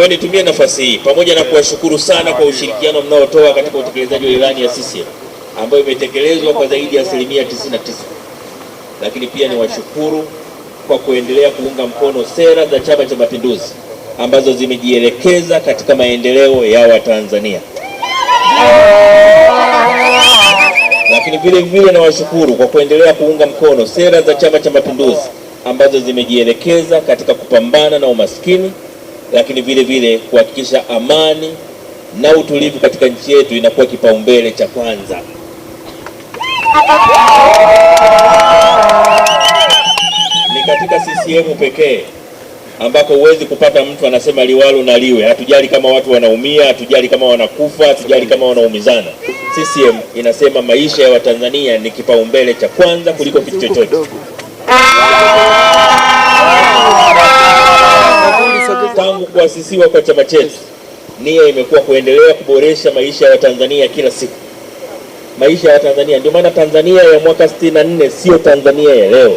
Kwa hiyo nitumie nafasi hii pamoja na kuwashukuru sana kwa ushirikiano mnaotoa katika utekelezaji wa ilani ya CCM ambayo imetekelezwa kwa zaidi ya asilimia 99, lakini pia niwashukuru kwa kuendelea kuunga mkono sera za Chama cha Mapinduzi ambazo zimejielekeza katika maendeleo ya Watanzania. Lakini vile vile nawashukuru kwa kuendelea kuunga mkono sera za Chama cha Mapinduzi ambazo zimejielekeza katika kupambana na umaskini lakini vile vile kuhakikisha amani na utulivu katika nchi yetu inakuwa kipaumbele cha kwanza. Ni katika CCM pekee ambako huwezi kupata mtu anasema liwalo na liwe, hatujali kama watu wanaumia, hatujali kama wanakufa, hatujali kama wanaumizana. CCM inasema maisha ya Watanzania ni kipaumbele cha kwanza kuliko kitu chochote. kuasisiwa kwa chama chetu, nia imekuwa kuendelea kuboresha maisha ya Watanzania kila siku, maisha ya Tanzania. Ndio maana Tanzania ya mwaka 64 sio Tanzania ya leo.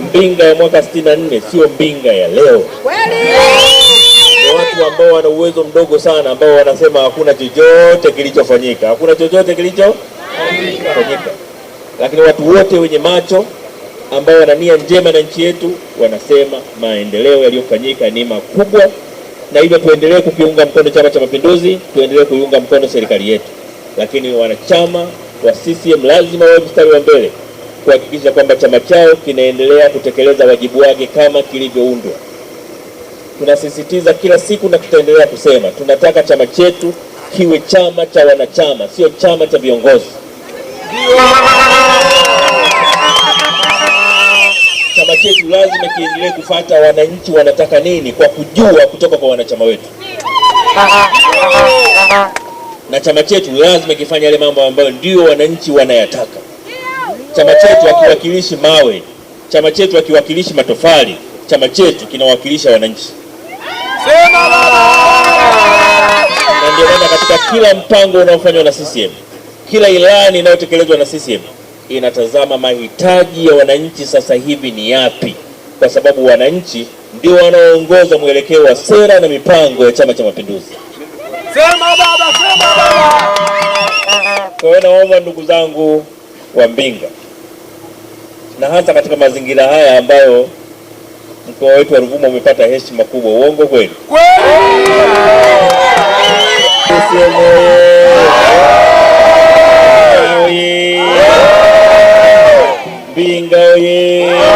Mbinga ya mwaka 64 sio Mbinga ya leo. watu ambao wana uwezo mdogo sana, ambao wanasema hakuna chochote kilichofanyika, hakuna chochote kilichofanyika, lakini watu wote wenye macho ambao wana nia njema na nchi yetu wanasema maendeleo yaliyofanyika ni makubwa, na hivyo tuendelee kukiunga mkono Chama cha Mapinduzi, tuendelee kuiunga mkono serikali yetu. Lakini wanachama wa CCM lazima wawe mstari wa mbele kuhakikisha kwamba chama chao kinaendelea kutekeleza wajibu wake kama kilivyoundwa. Tunasisitiza kila siku na tutaendelea kusema, tunataka chama chetu kiwe chama cha wanachama, sio chama cha viongozi. lazima kiendelee kufata wananchi wanataka nini, kwa kujua kutoka kwa wanachama wetu, na chama chetu lazima kifanya yale mambo ambayo ndio wananchi wanayataka. Chama chetu hakiwakilishi mawe, chama chetu hakiwakilishi matofali, chama chetu kinawakilisha wananchi. Na ndio maana katika kila mpango unaofanywa na CCM, kila ilani inayotekelezwa na CCM inatazama mahitaji ya wananchi sasa hivi ni yapi, kwa sababu wananchi ndio wanaoongoza mwelekeo wa sera na mipango ya Chama cha Mapinduzi. Kwa hiyo naomba ndugu zangu wa Mbinga, na hasa katika mazingira haya ambayo mkoa wetu wa Ruvuma umepata heshima kubwa, uongo kweli?